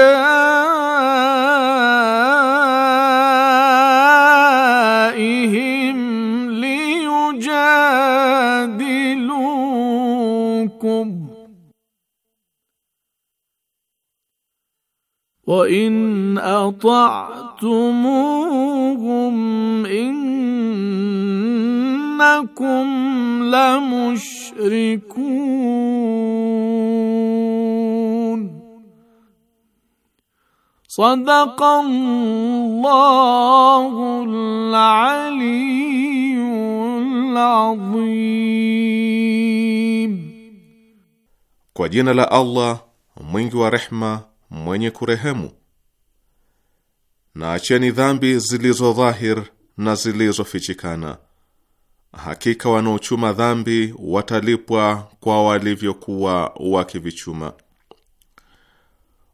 أوليائهم ليجادلوكم وإن أطعتموهم إنكم لمشركون Sadaqallahul aliyyul adhim. Kwa jina la Allah mwingi wa rehma mwenye kurehemu. Na acheni dhambi zilizo dhahir na zilizofichikana. Hakika wanaochuma dhambi watalipwa kwa walivyokuwa wakivichuma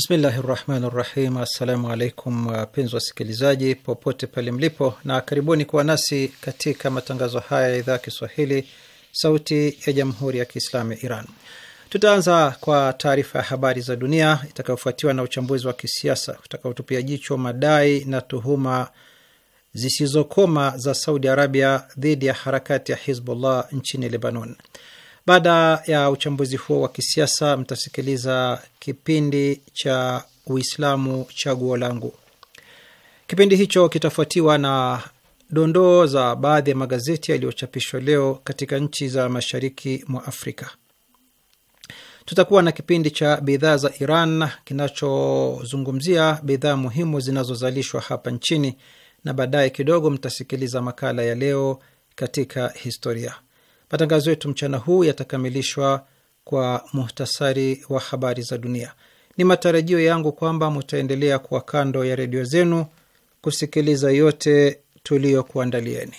Bismillahi rahmani rahim. Assalamu alaikum wapenzi wasikilizaji popote pale mlipo, na karibuni kuwa nasi katika matangazo haya ya idhaa ya Kiswahili sauti ya jamhuri ya Kiislamu ya Iran. Tutaanza kwa taarifa ya habari za dunia itakayofuatiwa na uchambuzi wa kisiasa utakaotupia jicho madai na tuhuma zisizokoma za Saudi Arabia dhidi ya harakati ya Hizbullah nchini Lebanon. Baada ya uchambuzi huo wa kisiasa, mtasikiliza kipindi cha Uislamu Chaguo Langu. Kipindi hicho kitafuatiwa na dondoo za baadhi ya magazeti yaliyochapishwa leo katika nchi za mashariki mwa Afrika. Tutakuwa na kipindi cha bidhaa za Iran kinachozungumzia bidhaa muhimu zinazozalishwa hapa nchini, na baadaye kidogo mtasikiliza makala ya leo katika historia. Matangazo yetu mchana huu yatakamilishwa kwa muhtasari wa habari za dunia. Ni matarajio yangu kwamba mutaendelea kuwa kando ya redio zenu kusikiliza yote tuliyokuandalieni.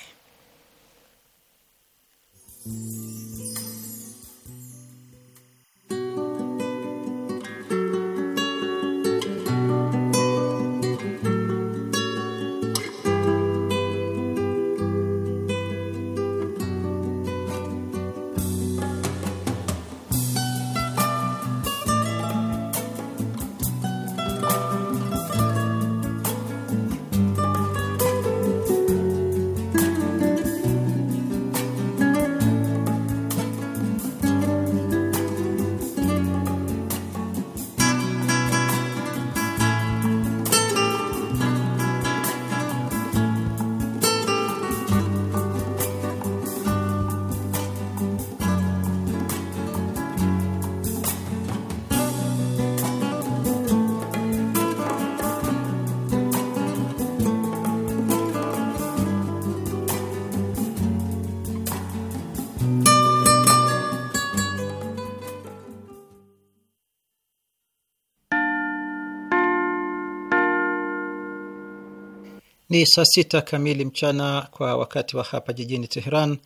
Ni saa sita kamili mchana kwa wakati wa hapa jijini Teheran,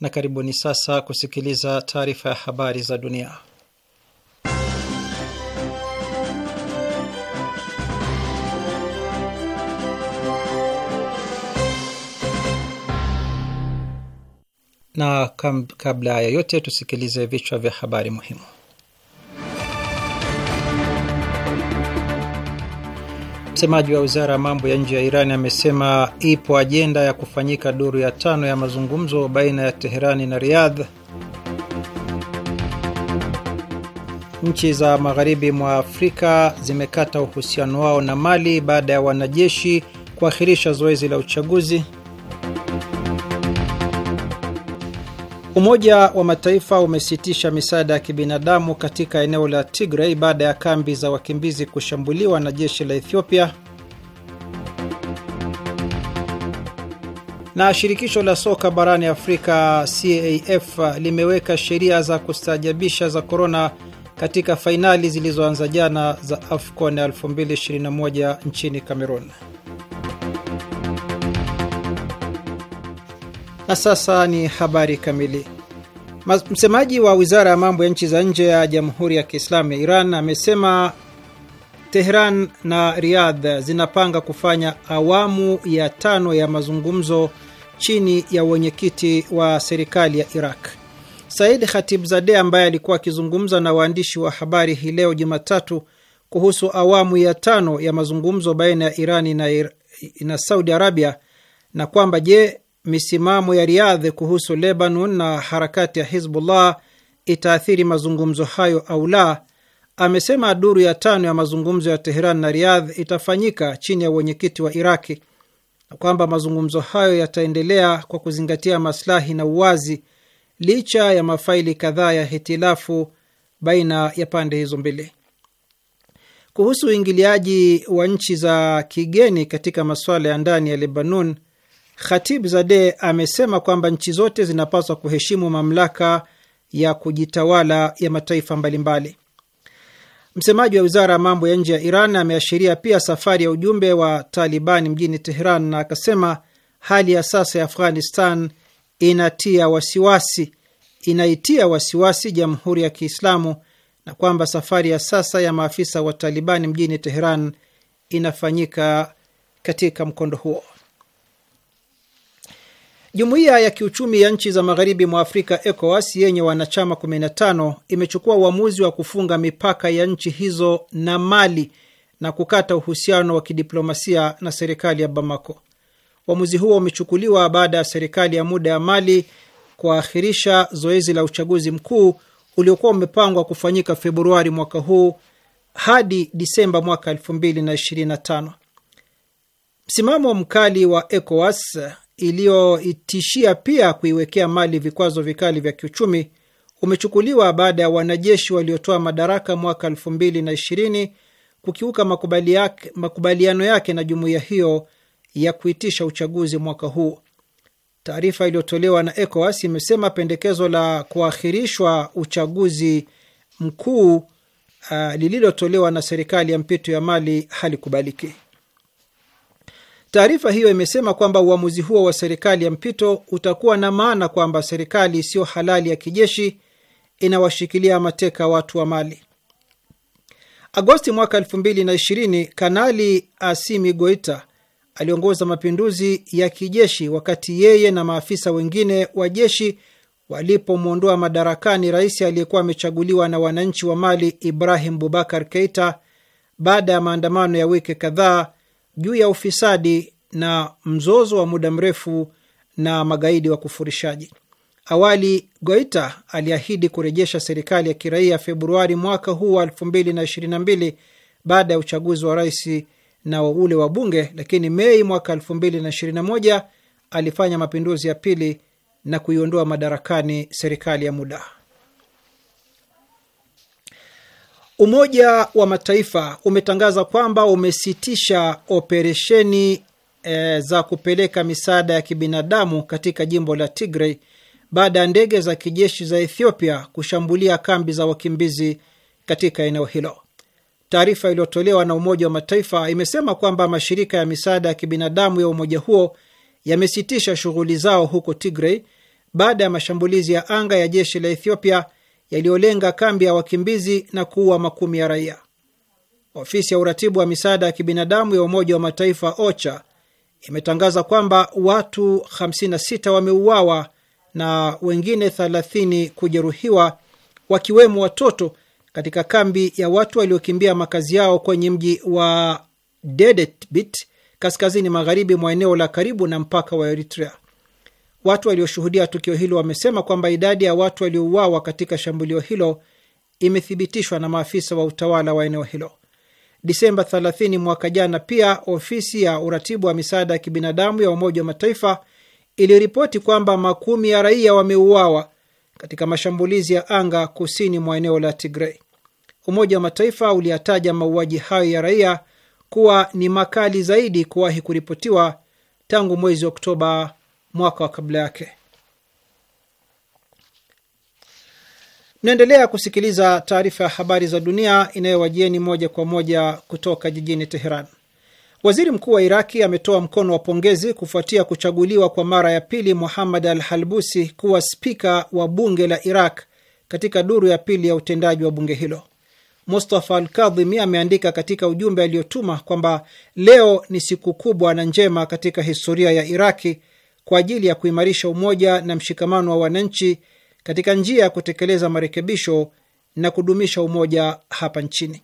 na karibuni sasa kusikiliza taarifa ya habari za dunia. Na kabla ya yote tusikilize vichwa vya habari muhimu. Msemaji wa wizara ya mambo ya nje ya Irani amesema ipo ajenda ya kufanyika duru ya tano ya mazungumzo baina ya Teherani na Riyadh. Nchi za magharibi mwa Afrika zimekata uhusiano wao na Mali baada ya wanajeshi kuahirisha zoezi la uchaguzi. Umoja wa Mataifa umesitisha misaada ya kibinadamu katika eneo la Tigray baada ya kambi za wakimbizi kushambuliwa na jeshi la Ethiopia. Na shirikisho la soka barani Afrika CAF limeweka sheria za kustaajabisha za korona katika fainali zilizoanza jana za AFCON 2021 nchini Cameroon. Na sasa ni habari kamili. Msemaji wa wizara ya mambo ya nchi za nje ya Jamhuri ya Kiislamu ya Iran amesema Tehran na Riyadh zinapanga kufanya awamu ya tano ya mazungumzo chini ya uwenyekiti wa serikali ya Iraq. Said Khatibzadeh ambaye alikuwa akizungumza na waandishi wa habari hii leo Jumatatu kuhusu awamu ya tano ya mazungumzo baina ya Irani na, na Saudi Arabia na kwamba je, misimamo ya Riyadh kuhusu Lebanon na harakati ya Hizbullah itaathiri mazungumzo hayo au la, amesema duru ya tano ya mazungumzo ya Teheran na Riyadh itafanyika chini ya uwenyekiti wa Iraki na kwamba mazungumzo hayo yataendelea kwa kuzingatia maslahi na uwazi licha ya mafaili kadhaa ya hitilafu baina ya pande hizo mbili. Kuhusu uingiliaji wa nchi za kigeni katika masuala ya ndani ya Lebanon, Khatib zade amesema kwamba nchi zote zinapaswa kuheshimu mamlaka ya kujitawala ya mataifa mbalimbali. Msemaji wa wizara ya mambo ya nje ya Iran ameashiria pia safari ya ujumbe wa Taliban mjini Teheran na akasema hali ya sasa ya Afghanistan inatia wasiwasi, inaitia wasiwasi Jamhuri ya Kiislamu na kwamba safari ya sasa ya maafisa wa Taliban mjini Teheran inafanyika katika mkondo huo. Jumuiya ya kiuchumi ya nchi za magharibi mwa Afrika, ECOWAS, yenye wanachama 15 imechukua uamuzi wa kufunga mipaka ya nchi hizo na Mali na kukata uhusiano wa kidiplomasia na serikali ya Bamako. Uamuzi huo umechukuliwa baada ya serikali ya muda ya Mali kuahirisha zoezi la uchaguzi mkuu uliokuwa umepangwa kufanyika Februari mwaka huu hadi Disemba mwaka 2025. Msimamo mkali wa ECOWAS iliyoitishia pia kuiwekea Mali vikwazo vikali vya kiuchumi umechukuliwa baada ya wanajeshi waliotoa madaraka mwaka elfu mbili na ishirini kukiuka makubaliano yake na jumuiya hiyo ya kuitisha uchaguzi mwaka huu. Taarifa iliyotolewa na ECOWAS imesema pendekezo la kuahirishwa uchaguzi mkuu uh, lililotolewa na serikali ya mpito ya Mali halikubaliki. Taarifa hiyo imesema kwamba uamuzi huo wa serikali ya mpito utakuwa na maana kwamba serikali isiyo halali ya kijeshi inawashikilia mateka watu wa Mali. Agosti mwaka 2020 Kanali Asimi Goita aliongoza mapinduzi ya kijeshi wakati yeye na maafisa wengine wa jeshi walipomwondoa madarakani rais aliyekuwa amechaguliwa na wananchi wa Mali Ibrahim Bubakar Keita baada ya maandamano ya wiki kadhaa juu ya ufisadi na mzozo wa muda mrefu na magaidi wa kufurishaji. Awali Goita aliahidi kurejesha serikali ya kiraia Februari mwaka huu wa 2022 baada ya uchaguzi wa rais na ule wa bunge, lakini Mei mwaka 2021 alifanya mapinduzi ya pili na kuiondoa madarakani serikali ya muda Umoja wa Mataifa umetangaza kwamba umesitisha operesheni e, za kupeleka misaada ya kibinadamu katika jimbo la Tigray baada ya ndege za kijeshi za Ethiopia kushambulia kambi za wakimbizi katika eneo hilo. Taarifa iliyotolewa na Umoja wa Mataifa imesema kwamba mashirika ya misaada ya kibinadamu ya umoja huo yamesitisha shughuli zao huko Tigray baada ya mashambulizi ya anga ya jeshi la Ethiopia yaliyolenga kambi ya wakimbizi na kuua makumi ya raia. Ofisi ya uratibu wa misaada ya kibinadamu ya Umoja wa Mataifa OCHA imetangaza kwamba watu 56 wameuawa na wengine 30 kujeruhiwa, wakiwemo watoto katika kambi ya watu waliokimbia makazi yao kwenye mji wa Dedetbit kaskazini magharibi mwa eneo la karibu na mpaka wa Eritrea. Watu walioshuhudia tukio hilo wamesema kwamba idadi ya watu waliouawa katika shambulio hilo imethibitishwa na maafisa wa utawala wa eneo hilo. Disemba 30 mwaka jana, pia ofisi ya uratibu wa misaada ya kibinadamu ya Umoja wa Mataifa iliripoti kwamba makumi ya raia wameuawa katika mashambulizi ya anga kusini mwa eneo la tigrei Umoja wa Mataifa uliyataja mauaji hayo ya raia kuwa ni makali zaidi kuwahi kuripotiwa tangu mwezi Oktoba mwaka wa kabla yake. Mnaendelea kusikiliza taarifa ya habari za dunia inayowajieni moja kwa moja kutoka jijini Teheran. Waziri mkuu wa Iraki ametoa mkono wa pongezi kufuatia kuchaguliwa kwa mara ya pili Muhammad al Halbusi kuwa spika wa bunge la Iraq katika duru ya pili ya utendaji wa bunge hilo. Mustafa al Kadhimi ameandika katika ujumbe aliotuma kwamba leo ni siku kubwa na njema katika historia ya Iraki kwa ajili ya kuimarisha umoja na mshikamano wa wananchi katika njia ya kutekeleza marekebisho na kudumisha umoja hapa nchini.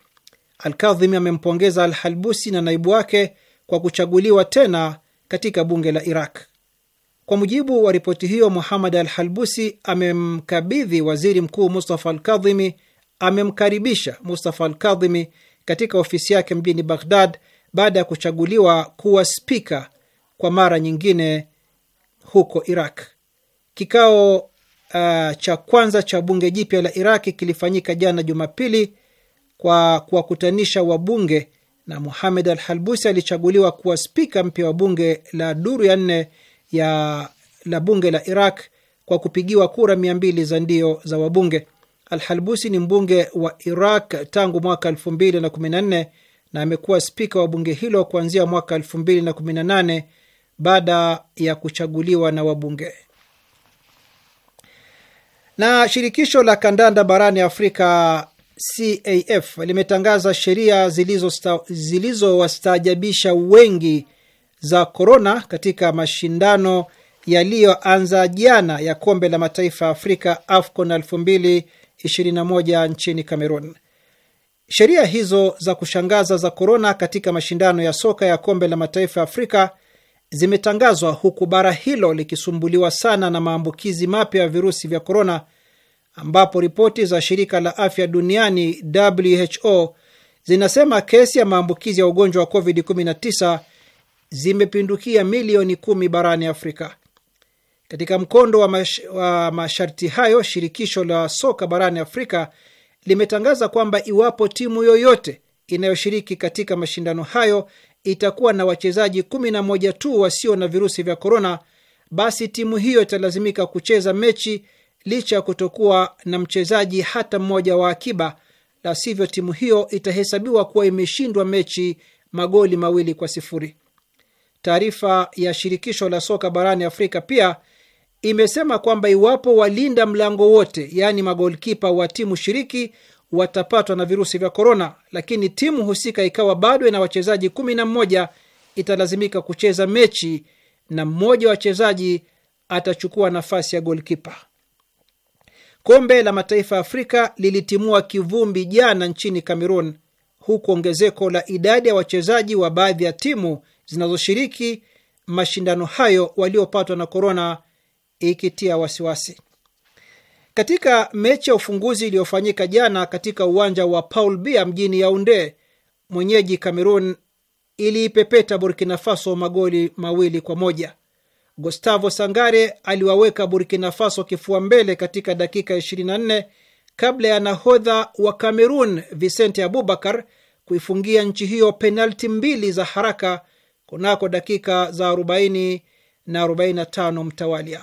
Alkadhimi amempongeza Alhalbusi na naibu wake kwa kuchaguliwa tena katika bunge la Iraq. Kwa mujibu wa ripoti hiyo, Muhamad Al Halbusi amemkabidhi waziri mkuu Mustafa Alkadhimi, amemkaribisha Mustafa Alkadhimi katika ofisi yake mjini Baghdad baada ya kuchaguliwa kuwa spika kwa mara nyingine huko Iraq. Kikao uh, cha kwanza cha bunge jipya la iraq kilifanyika jana Jumapili kwa kuwakutanisha wabunge na Muhamed Al Halbusi alichaguliwa kuwa spika mpya wa bunge la duru ya nne ya la bunge la Iraq kwa kupigiwa kura mia mbili za ndio za wabunge. Al Halbusi ni mbunge wa Iraq tangu mwaka elfu mbili na kumi na nne na amekuwa spika wa bunge hilo kuanzia mwaka elfu mbili na kumi na nane baada ya kuchaguliwa na wabunge. Na shirikisho la kandanda barani Afrika CAF limetangaza sheria zilizowastaajabisha wengi za korona katika mashindano yaliyoanza jana ya kombe la mataifa ya Afrika AFCON 2021 nchini Cameroon. Sheria hizo za kushangaza za korona katika mashindano ya soka ya kombe la mataifa ya Afrika zimetangazwa huku bara hilo likisumbuliwa sana na maambukizi mapya ya virusi vya korona, ambapo ripoti za shirika la afya duniani WHO zinasema kesi ya maambukizi ya ugonjwa wa COVID-19 zimepindukia milioni kumi barani Afrika. Katika mkondo wa, mash, wa masharti hayo, shirikisho la soka barani Afrika limetangaza kwamba iwapo timu yoyote inayoshiriki katika mashindano hayo itakuwa na wachezaji 11 moja tu wasio na virusi vya korona, basi timu hiyo italazimika kucheza mechi licha ya kutokuwa na mchezaji hata mmoja wa akiba, la sivyo timu hiyo itahesabiwa kuwa imeshindwa mechi magoli mawili kwa sifuri. Taarifa ya shirikisho la soka barani Afrika pia imesema kwamba iwapo walinda mlango wote, yaani magolkipa wa timu shiriki watapatwa na virusi vya korona, lakini timu husika ikawa bado ina wachezaji kumi na mmoja italazimika kucheza mechi na mmoja wa wachezaji atachukua nafasi ya golkipa. Kombe la Mataifa ya Afrika lilitimua kivumbi jana nchini Cameroon, huku ongezeko la idadi ya wachezaji wa baadhi ya timu zinazoshiriki mashindano hayo waliopatwa na korona ikitia wasiwasi. Katika mechi ya ufunguzi iliyofanyika jana katika uwanja wa Paul Bia mjini Yaunde, mwenyeji Cameroon iliipepeta Burkina Faso magoli mawili kwa moja. Gustavo Sangare aliwaweka Burkina Faso kifua mbele katika dakika 24 kabla ya nahodha wa Cameroon Vicente Abubakar kuifungia nchi hiyo penalti mbili za haraka kunako dakika za 40 na 45 mtawalia.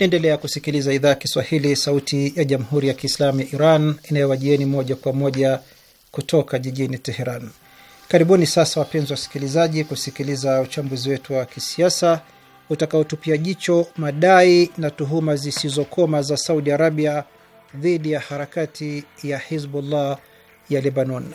Naendelea kusikiliza idhaa ya Kiswahili, sauti ya jamhuri ya kiislamu ya Iran inayowajieni moja kwa moja kutoka jijini Teheran. Karibuni sasa, wapenzi wasikilizaji, kusikiliza uchambuzi wetu wa kisiasa utakaotupia jicho madai na tuhuma zisizokoma za Saudi Arabia dhidi ya harakati ya Hizbullah ya Lebanon.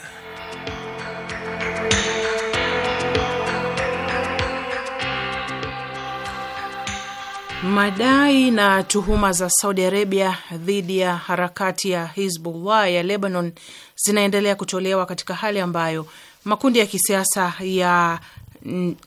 Madai na tuhuma za Saudi Arabia dhidi ya harakati ya Hizbullah ya Lebanon zinaendelea kutolewa katika hali ambayo makundi ya kisiasa ya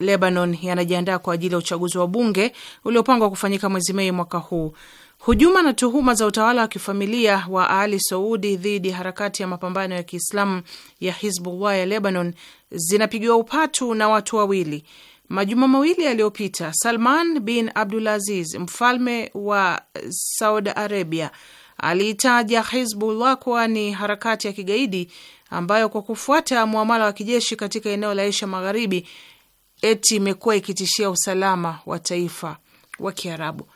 Lebanon yanajiandaa kwa ajili ya uchaguzi wa bunge uliopangwa kufanyika mwezi Mei mwaka huu. Hujuma na tuhuma za utawala wa kifamilia wa Ali Saudi dhidi ya harakati ya mapambano ya Kiislamu ya Hizbullah ya Lebanon zinapigiwa upatu na watu wawili Majuma mawili yaliyopita Salman bin Abdulaziz, mfalme wa Saudi Arabia, aliitaja Hizbullah kuwa ni harakati ya kigaidi ambayo kwa kufuata mwamala wa kijeshi katika eneo la Asia Magharibi eti imekuwa ikitishia usalama wa taifa wa Kiarabu.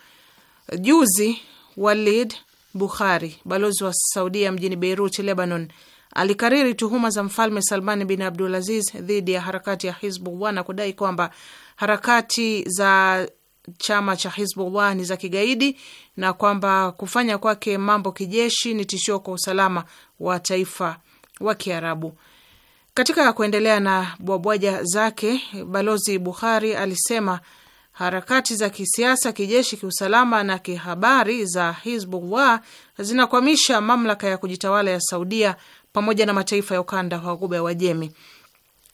Juzi Walid Bukhari, balozi wa Saudia mjini Beirut, Lebanon, alikariri tuhuma za mfalme Salmani bin Abdulaziz dhidi ya harakati ya Hizbullah na kudai kwamba harakati za chama cha Hizbullah ni za kigaidi na kwamba kufanya kwake mambo kijeshi ni tishio kwa usalama wa taifa wa Kiarabu. Katika kuendelea na bwabwaja zake, balozi Bukhari alisema harakati za kisiasa, kijeshi, kiusalama na kihabari za Hizbullah zinakwamisha mamlaka ya kujitawala ya Saudia pamoja na mataifa ya ukanda wa Ghuba ya Uajemi.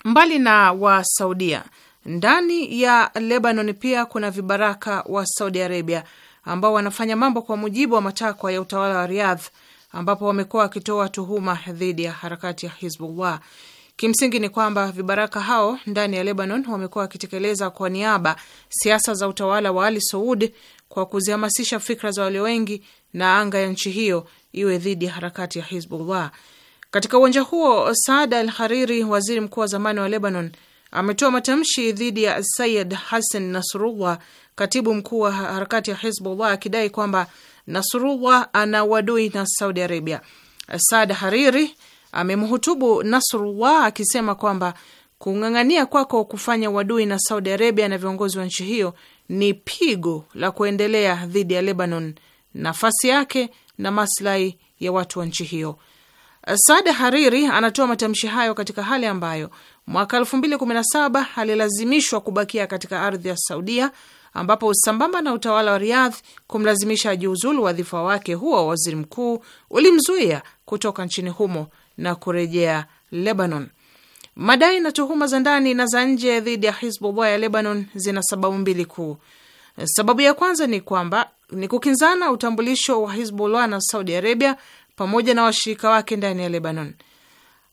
Mbali na wa Saudia, ndani ya Lebanon pia kuna vibaraka wa Saudi Arabia ambao wanafanya mambo kwa mujibu wa matakwa ya utawala wa Riyadh, ambapo wamekuwa wakitoa tuhuma dhidi ya harakati ya Hizbullah. Kimsingi ni kwamba vibaraka hao ndani ya Lebanon wamekuwa wakitekeleza kwa niaba siasa za utawala wa Ali Saud kwa kuzihamasisha fikra za walio wengi na anga ya nchi hiyo iwe dhidi ya harakati ya Hizbullah. Katika uwanja huo, Saad Al Hariri, waziri mkuu wa zamani wa Lebanon, ametoa matamshi dhidi ya Sayid Hassan Nasrullah, katibu mkuu wa harakati ya Hizbullah, akidai kwamba Nasrullah ana uadui na Saudi Arabia. Saad Hariri amemhutubu Nasrullah akisema kwamba kung'ang'ania kwako kufanya uadui na Saudi Arabia na viongozi wa nchi hiyo ni pigo la kuendelea dhidi ya Lebanon, nafasi yake na maslahi ya watu wa nchi hiyo. Saad Hariri anatoa matamshi hayo katika hali ambayo mwaka 2017 alilazimishwa kubakia katika ardhi ya Saudia, ambapo sambamba na utawala wa Riyadh kumlazimisha ajiuzulu wadhifa wake huo wa waziri mkuu ulimzuia kutoka nchini humo na kurejea Lebanon. Madai na tuhuma za ndani na za nje dhidi ya Hizbullah ya Lebanon zina sababu mbili kuu. Sababu ya kwanza ni kwamba ni kukinzana utambulisho wa Hizbullah na Saudi Arabia pamoja na washirika wake ndani ya Lebanon.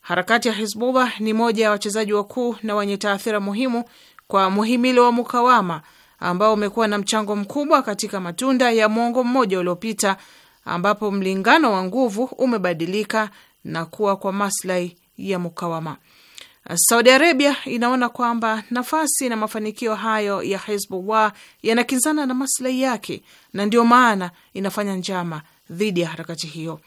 Harakati ya Hizbullah ni moja ya wachezaji wakuu na wenye taathira muhimu kwa muhimili wa mukawama ambao umekuwa na mchango mkubwa katika matunda ya mwongo mmoja uliopita, ambapo mlingano wa nguvu umebadilika na kuwa kwa maslahi ya mukawama. Saudi Arabia inaona kwamba nafasi na mafanikio hayo ya Hizbullah yanakinzana na maslahi yake, na ndio maana inafanya njama dhidi ya harakati hiyo.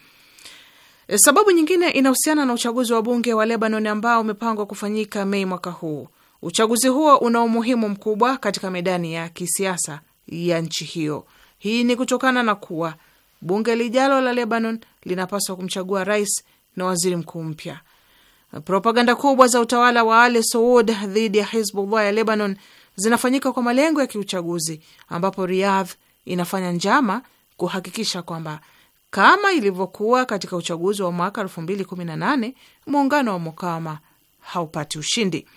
E, sababu nyingine inahusiana na uchaguzi wa bunge wa Lebanon ambao umepangwa kufanyika Mei mwaka huu. Uchaguzi huo una umuhimu mkubwa katika medani ya kisiasa ya nchi hiyo. Hii ni kutokana na kuwa bunge lijalo la Lebanon linapaswa kumchagua rais na waziri mkuu mpya. Propaganda kubwa za utawala wa Ali Saud dhidi ya Hizbullah ya Lebanon zinafanyika kwa malengo ya kiuchaguzi, ambapo Riyadh inafanya njama kuhakikisha kwamba kama ilivyokuwa katika uchaguzi wa mwaka 2018 muungano wa mukawama haupati ushindi.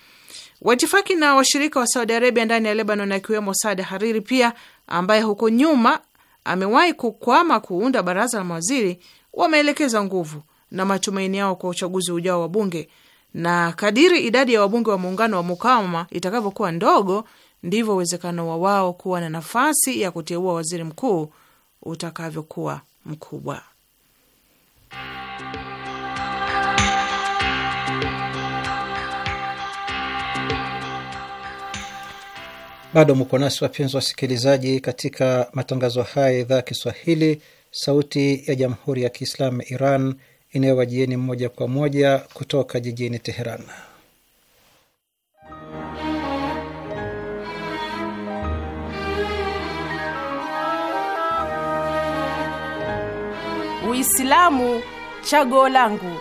Waitifaki na washirika wa Saudi Arabia ndani ya Lebanon, akiwemo Saad Hariri pia ambaye huko nyuma amewahi kukwama kuunda baraza la mawaziri, wameelekeza nguvu na matumaini yao kwa uchaguzi ujao wa bunge, na kadiri idadi ya wabunge wa muungano wa mukawama itakavyokuwa ndogo, ndivyo uwezekano wa wao kuwa na nafasi ya kuteua waziri mkuu utakavyokuwa mkubwa. Bado mko nasi wapenzi wasikilizaji, katika matangazo haya ya idhaa ya Kiswahili, Sauti ya Jamhuri ya Kiislamu ya Iran inayowajieni moja kwa moja kutoka jijini Teheran. Uislamu chaguo langu.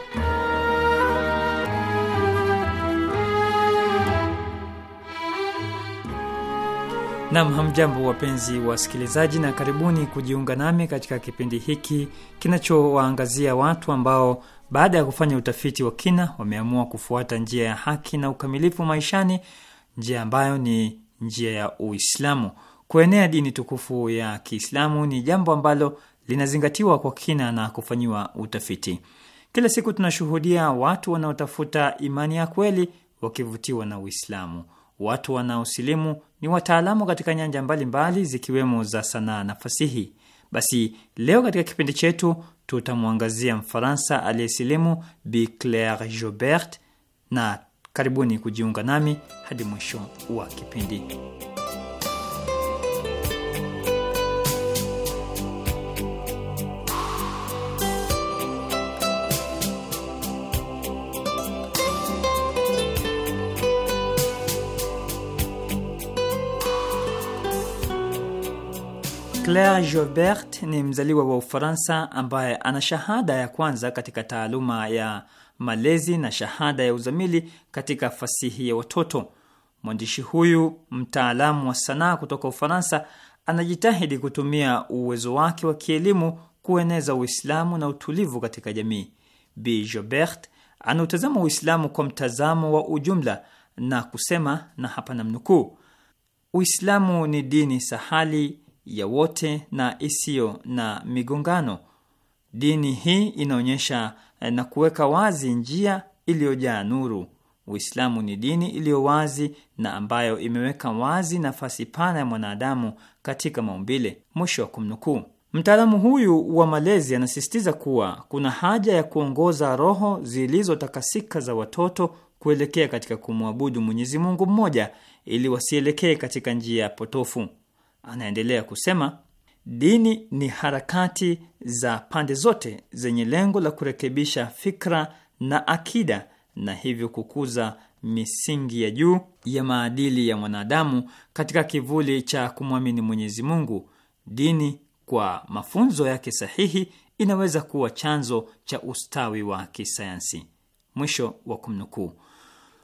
Nam, hamjambo wapenzi wasikilizaji, na karibuni kujiunga nami katika kipindi hiki kinachowaangazia watu ambao baada ya kufanya utafiti wa kina wameamua kufuata njia ya haki na ukamilifu maishani, njia ambayo ni njia ya Uislamu. Kuenea dini tukufu ya Kiislamu ni jambo ambalo linazingatiwa kwa kina na kufanyiwa utafiti. Kila siku tunashuhudia watu wanaotafuta imani ya kweli wakivutiwa na Uislamu. Watu wanaosilimu ni wataalamu katika nyanja mbalimbali mbali, zikiwemo za sanaa na fasihi. Basi leo katika kipindi chetu tutamwangazia Mfaransa aliyesilimu Bi Claire Jobert, na karibuni kujiunga nami hadi mwisho wa kipindi. Claire Jobert ni mzaliwa wa Ufaransa ambaye ana shahada ya kwanza katika taaluma ya malezi na shahada ya uzamili katika fasihi ya watoto. Mwandishi huyu mtaalamu wa sanaa kutoka Ufaransa anajitahidi kutumia uwezo wake wa kielimu kueneza Uislamu na utulivu katika jamii. Bi Jobert anautazama Uislamu kwa mtazamo wa ujumla na kusema, na hapa namnukuu: Uislamu ni dini sahali ya wote na isiyo na migongano. Dini hii inaonyesha eh, na kuweka wazi njia iliyojaa nuru. Uislamu ni dini iliyo wazi na ambayo imeweka wazi nafasi pana ya mwanadamu katika maumbile. Mwisho wa kumnukuu. Mtaalamu huyu wa malezi anasisitiza kuwa kuna haja ya kuongoza roho zilizotakasika za watoto kuelekea katika kumwabudu Mwenyezi Mungu mmoja ili wasielekee katika njia potofu. Anaendelea kusema dini ni harakati za pande zote zenye lengo la kurekebisha fikra na akida na hivyo kukuza misingi ya juu ya maadili ya mwanadamu katika kivuli cha kumwamini Mwenyezi Mungu. Dini kwa mafunzo yake sahihi inaweza kuwa chanzo cha ustawi wa kisayansi. Mwisho wa kumnukuu.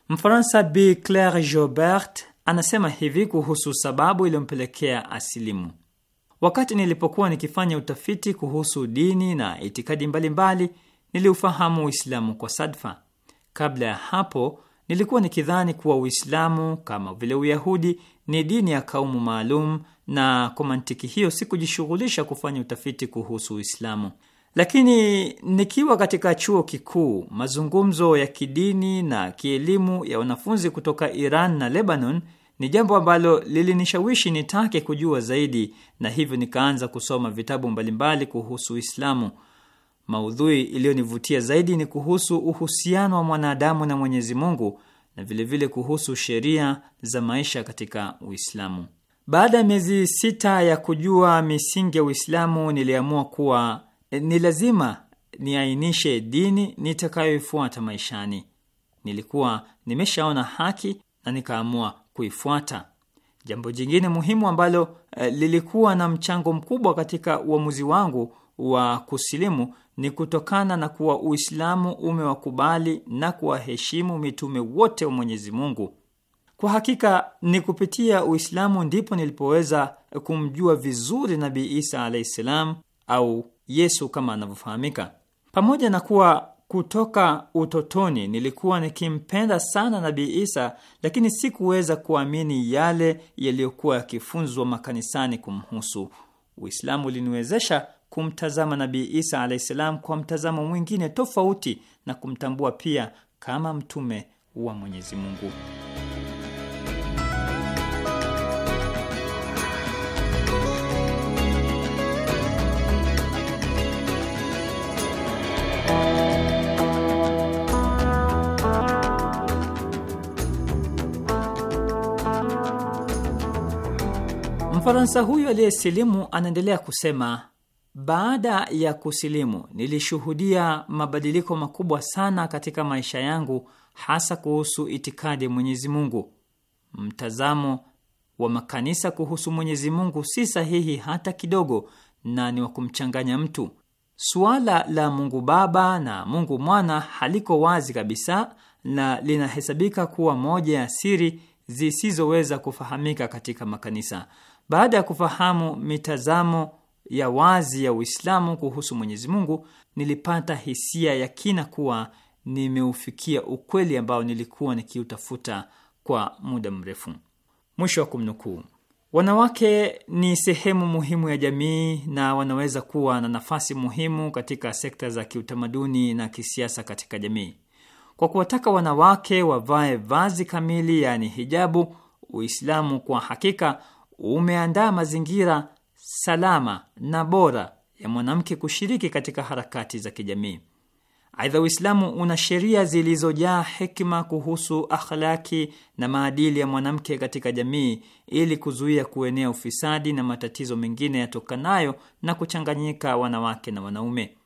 Mfaransa Bi Claire Jobert anasema hivi kuhusu sababu iliyompelekea asilimu: wakati nilipokuwa nikifanya utafiti kuhusu dini na itikadi mbalimbali, niliufahamu Uislamu kwa sadfa. Kabla ya hapo nilikuwa nikidhani kuwa Uislamu kama vile Uyahudi ni dini ya kaumu maalum, na kwa mantiki hiyo sikujishughulisha kufanya utafiti kuhusu Uislamu. Lakini nikiwa katika chuo kikuu, mazungumzo ya kidini na kielimu ya wanafunzi kutoka Iran na Lebanon ni jambo ambalo lilinishawishi nitake kujua zaidi, na hivyo nikaanza kusoma vitabu mbalimbali kuhusu Uislamu. Maudhui iliyonivutia zaidi ni kuhusu uhusiano wa mwanadamu na Mwenyezi Mungu na vilevile vile kuhusu sheria za maisha katika Uislamu. Baada ya miezi sita ya kujua misingi ya Uislamu, niliamua kuwa Eh, ni lazima niainishe dini nitakayoifuata maishani. Nilikuwa nimeshaona haki na nikaamua kuifuata. Jambo jingine muhimu ambalo eh, lilikuwa na mchango mkubwa katika uamuzi wangu wa kusilimu ni kutokana na kuwa Uislamu umewakubali na kuwaheshimu mitume wote wa Mwenyezi Mungu. Kwa hakika ni kupitia Uislamu ndipo nilipoweza kumjua vizuri Nabii Isa alayhi salam au Yesu kama anavyofahamika. Pamoja na kuwa kutoka utotoni nilikuwa nikimpenda sana Nabii Isa, lakini sikuweza kuamini yale yaliyokuwa yakifunzwa makanisani kumhusu. Uislamu uliniwezesha kumtazama Nabii Isa alahi salam kwa mtazamo mwingine tofauti na kumtambua pia kama mtume wa Mwenyezi Mungu. Mfaransa huyu aliyesilimu anaendelea kusema, baada ya kusilimu nilishuhudia mabadiliko makubwa sana katika maisha yangu, hasa kuhusu itikadi ya Mwenyezi Mungu. Mtazamo wa makanisa kuhusu Mwenyezi Mungu si sahihi hata kidogo, na ni wa kumchanganya mtu. Suala la Mungu Baba na Mungu Mwana haliko wazi kabisa na linahesabika kuwa moja ya siri zisizoweza kufahamika katika makanisa. Baada ya kufahamu mitazamo ya wazi ya Uislamu kuhusu Mwenyezi Mungu, nilipata hisia ya kina kuwa nimeufikia ukweli ambao nilikuwa nikiutafuta kwa muda mrefu. Mwisho wa kumnukuu. Wanawake ni sehemu muhimu ya jamii na wanaweza kuwa na nafasi muhimu katika sekta za kiutamaduni na kisiasa katika jamii. Kwa kuwataka wanawake wavae vazi kamili, yaani hijabu, Uislamu kwa hakika umeandaa mazingira salama na bora ya mwanamke kushiriki katika harakati za kijamii. Aidha, Uislamu una sheria zilizojaa hekima kuhusu akhlaki na maadili ya mwanamke katika jamii ili kuzuia kuenea ufisadi na matatizo mengine yatokanayo na kuchanganyika wanawake na wanaume.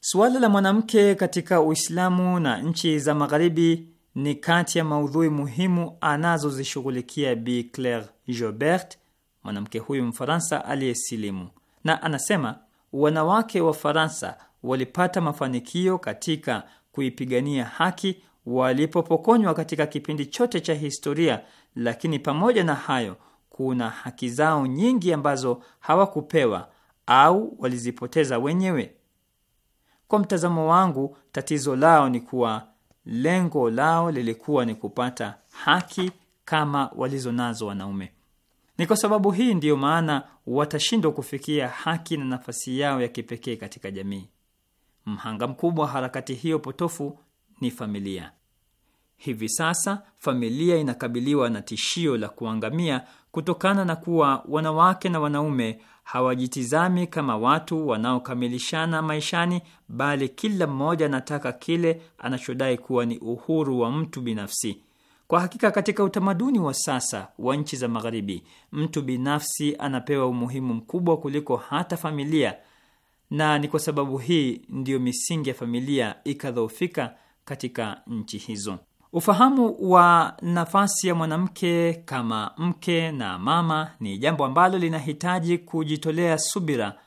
Suala la mwanamke katika Uislamu na nchi za Magharibi ni kati ya maudhui muhimu anazozishughulikia Bi Claire Jobert, mwanamke huyu Mfaransa aliyesilimu, na anasema wanawake wa Faransa walipata mafanikio katika kuipigania haki walipopokonywa katika kipindi chote cha historia, lakini pamoja na hayo kuna haki zao nyingi ambazo hawakupewa au walizipoteza wenyewe. Kwa mtazamo wangu, tatizo lao ni kuwa lengo lao lilikuwa ni kupata haki kama walizonazo wanaume. Ni kwa sababu hii ndiyo maana watashindwa kufikia haki na nafasi yao ya kipekee katika jamii. Mhanga mkubwa wa harakati hiyo potofu ni familia. Hivi sasa familia inakabiliwa na tishio la kuangamia kutokana na kuwa wanawake na wanaume hawajitizami kama watu wanaokamilishana maishani, bali kila mmoja anataka kile anachodai kuwa ni uhuru wa mtu binafsi. Kwa hakika katika utamaduni wa sasa wa nchi za Magharibi, mtu binafsi anapewa umuhimu mkubwa kuliko hata familia, na ni kwa sababu hii ndiyo misingi ya familia ikadhoofika katika nchi hizo. Ufahamu wa nafasi ya mwanamke kama mke na mama ni jambo ambalo linahitaji kujitolea subira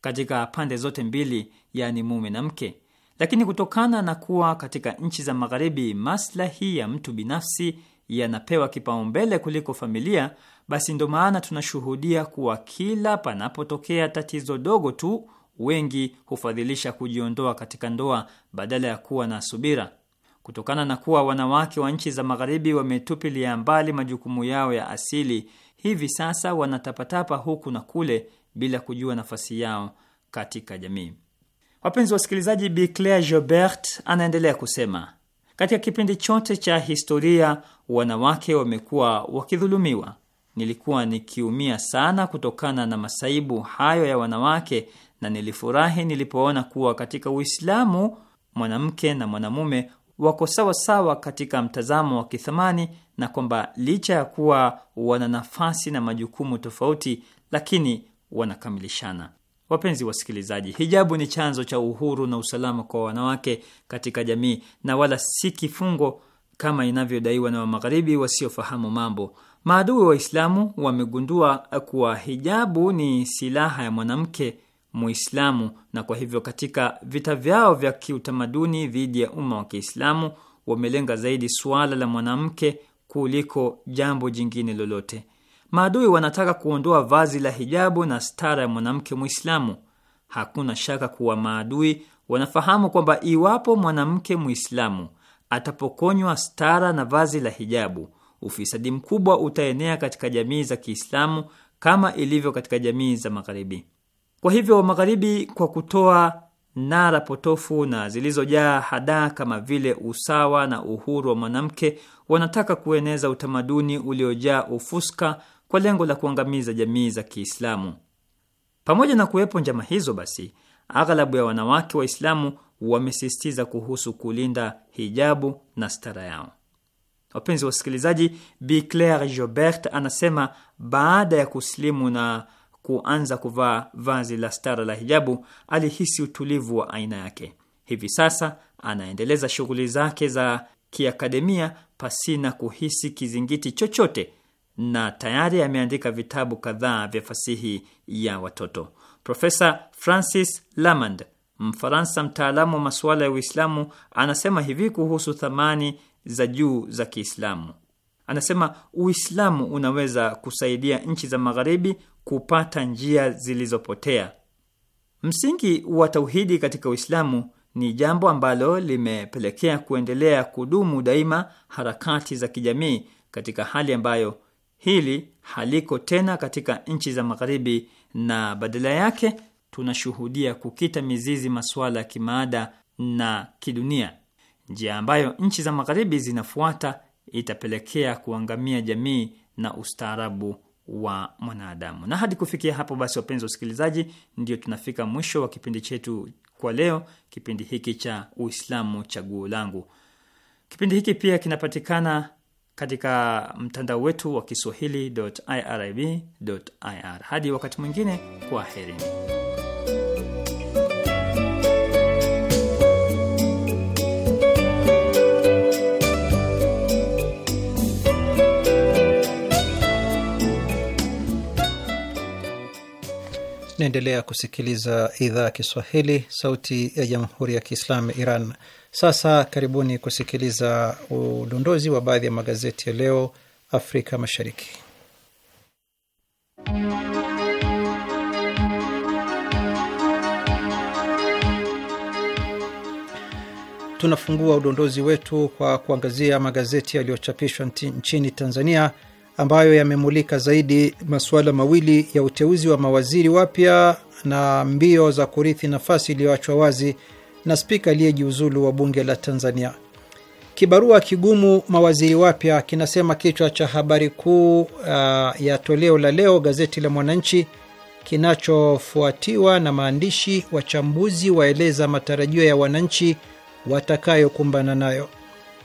katika pande zote mbili, yaani mume na mke. Lakini kutokana na kuwa katika nchi za Magharibi maslahi ya mtu binafsi yanapewa kipaumbele kuliko familia, basi ndo maana tunashuhudia kuwa kila panapotokea tatizo dogo tu wengi hufadhilisha kujiondoa katika ndoa badala ya kuwa na subira kutokana na kuwa wanawake wa nchi za magharibi wametupilia mbali majukumu yao ya asili. Hivi sasa wanatapatapa huku na kule bila kujua nafasi yao katika jamii. Wapenzi wasikilizaji, Bi Claire Jobert anaendelea kusema, katika kipindi chote cha historia wanawake wamekuwa wakidhulumiwa. Nilikuwa nikiumia sana kutokana na masaibu hayo ya wanawake, na nilifurahi nilipoona kuwa katika Uislamu mwanamke na mwanamume wako sawa sawa katika mtazamo wa kithamani na kwamba licha ya kuwa wana nafasi na majukumu tofauti, lakini wanakamilishana. Wapenzi wasikilizaji, hijabu ni chanzo cha uhuru na usalama kwa wanawake katika jamii na wala si kifungo kama inavyodaiwa na Wamagharibi wasiofahamu mambo. Maadui wa Waislamu wamegundua kuwa hijabu ni silaha ya mwanamke Muislamu, na kwa hivyo katika vita vyao vya kiutamaduni dhidi ya umma wa Kiislamu wamelenga zaidi suala la mwanamke kuliko jambo jingine lolote. Maadui wanataka kuondoa vazi la hijabu na stara ya mwanamke Muislamu. Hakuna shaka kuwa maadui wanafahamu kwamba iwapo mwanamke Muislamu atapokonywa stara na vazi la hijabu, ufisadi mkubwa utaenea katika jamii za Kiislamu kama ilivyo katika jamii za Magharibi. Kwa hivyo Magharibi, kwa kutoa nara potofu na zilizojaa hadaa kama vile usawa na uhuru wa mwanamke, wanataka kueneza utamaduni uliojaa ufuska kwa lengo la kuangamiza jamii za Kiislamu. Pamoja na kuwepo njama hizo, basi aghalabu ya wanawake Waislamu wamesisitiza kuhusu kulinda hijabu na stara yao. Wapenzi wa wasikilizaji, Bi Claire Jobert anasema baada ya kusilimu na kuanza kuvaa vazi la stara la hijabu, alihisi utulivu wa aina yake. Hivi sasa anaendeleza shughuli zake za kiakademia pasina kuhisi kizingiti chochote, na tayari ameandika vitabu kadhaa vya fasihi ya watoto. Profesa Francis Lamand, Mfaransa mtaalamu wa masuala ya Uislamu, anasema hivi kuhusu thamani za juu za Kiislamu: Anasema Uislamu unaweza kusaidia nchi za magharibi kupata njia zilizopotea. Msingi wa tauhidi katika Uislamu ni jambo ambalo limepelekea kuendelea kudumu daima harakati za kijamii katika hali ambayo hili haliko tena katika nchi za magharibi, na badala yake tunashuhudia kukita mizizi masuala ya kimaada na kidunia, njia ambayo nchi za magharibi zinafuata itapelekea kuangamia jamii na ustaarabu wa mwanadamu. Na hadi kufikia hapo basi, wapenzi wasikilizaji, ndio tunafika mwisho wa kipindi chetu kwa leo, kipindi hiki cha Uislamu Chaguo Langu. Kipindi hiki pia kinapatikana katika mtandao wetu wa kiswahili.irib.ir. Hadi wakati mwingine, kwa herini Naendelea kusikiliza idhaa ya Kiswahili, sauti ya jamhuri ya kiislamu Iran. Sasa karibuni kusikiliza udondozi wa baadhi ya magazeti ya leo Afrika Mashariki. Tunafungua udondozi wetu kwa kuangazia magazeti yaliyochapishwa nchini Tanzania ambayo yamemulika zaidi masuala mawili ya uteuzi wa mawaziri wapya na mbio za kurithi nafasi iliyoachwa wazi na spika aliyejiuzulu wa bunge la Tanzania. Kibarua kigumu mawaziri wapya kinasema kichwa cha habari kuu uh, ya toleo la leo gazeti la Mwananchi kinachofuatiwa na maandishi wachambuzi waeleza matarajio ya wananchi watakayokumbana nayo.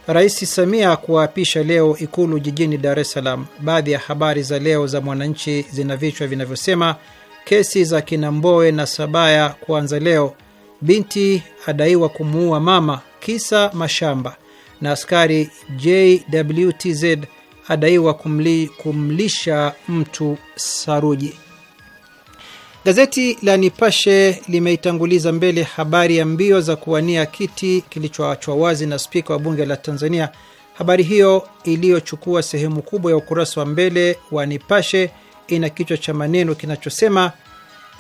Rais Samia kuwaapisha leo Ikulu jijini Dar es Salaam. Baadhi ya habari za leo za Mwananchi zina vichwa vinavyosema kesi za kina Mbowe na Sabaya kuanza leo, binti adaiwa kumuua mama kisa mashamba, na askari JWTZ adaiwa kumli, kumlisha mtu saruji. Gazeti la Nipashe limeitanguliza mbele habari ya mbio za kuwania kiti kilichoachwa wazi na spika wa bunge la Tanzania. Habari hiyo iliyochukua sehemu kubwa ya ukurasa wa mbele wa Nipashe ina kichwa cha maneno kinachosema